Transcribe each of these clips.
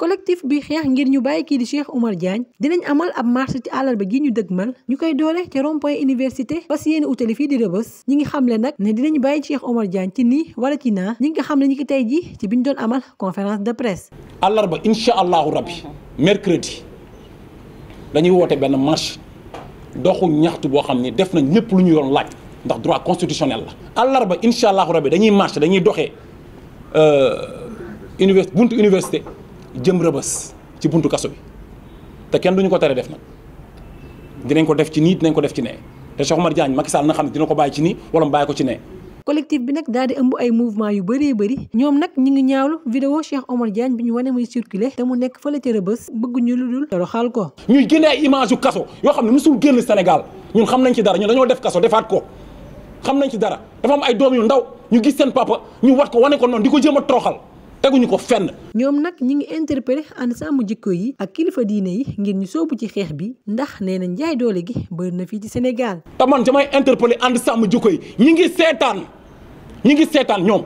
collectif bi xeex ngir ñu bàyyi kii di Cheikh Oumar jaañ dinañ amal ab marche ci àllarba gi ñu dëgmal ñu koy doole ca rond point université fas yéene utali fii di rëbës ñi ngi xamle nag ne dinañ bàyyi Cheikh Oumar Diagne ci nii wala ci naa ñi ngi ko xamle ñi ki tey ji ci ñu doon amal conférence de presse. àllarba incha allahu rabbi mercredi dañuy woote benn marche doxu ñaxtu boo xam ne def nañ ñëpp lu ñu doon laaj. ndax droit constitutionnel la àllarba incha allahu rabi dañuy marché dañuy doxee euh, univers buntu université jëm rëbës ci buntu kaso bi te kenn duñu ko tere def nag dinañ ko def ci nii dinañ ko def ci nee te Cheikh Omar Diagne Macky Sall na xam ne dina ko bàyyi ci nii wala mu bàyyi ko ci nee. collectif bi nag daal di ëmb ay mouvement yu bëree bëri ñoom nag ñu ngi ñaawlu video Cheikh Omar Diagne bi ñu wane muy circulé te mu nekk fële ca Rëbës bëgguñu lu dul toroxal ko. ñuy génne image yu yoo xam ne mosul génn Sénégal ñun xam nañ ci dara ñun dañoo def kaso defaat ko. xam nañ ci dara dafa am ay doom yu ndaw ñu gis seen papa ñu wat ko wane ko noonu di ko jéem a toroxal teguñu ko fenn. ñoom nag ñu ngi interpellé ànd sàmm jikko yi ak kilifa diine yi ngir ñu soobu ci xeex bi ndax nee na njaay doole gi bëri na fii ci Sénégal. te man damay interpellé ànd sàmm jikko yi ñi ngi seetaan ñu ngi seetaan ñoom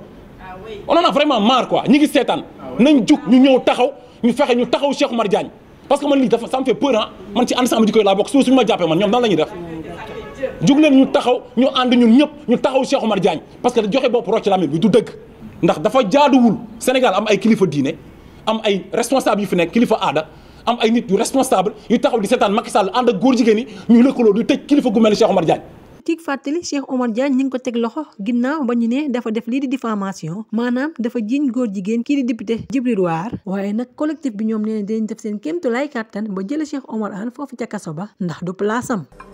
on en a vraiment marre quoi ñi ngi seetaan nañ jug ñu ñëw taxaw ñu fexe ñu taxaw Cheikh Oumar Diagne parce que man lii dafa ça me fait ma jàppee man la ñuy def. jug leen ñu taxaw ñu ànd ñun ñëpp ñu taxaw Cheikh Omar Diagne parce que joxe bopp rocc lamit bi du dëgg ndax dafa jaaduwul Sénégal am ay kilifa diine am ay responsable yu fi nekk kilifa aada am ay nit yu responsable yu taxaw di seetaan Macky Sall ànd ak góor jigéen ñi ñu lëkkaloo du tëj kilifa gu mel ni Cheikh Omar Diagne. kiig fàttali Cheikh Omar Diagne ñu ngi ko teg loxo ginnaaw ba ñu ne dafa def lii di diffamation maanaam dafa jiiñ góor jigéen kii di député Djibril War waaye nag collectif bi ñoom nee ne dinañ def seen kéemtulaay kàttan ba jële Cheikh Omar an foofu ca kaso ba ndax du am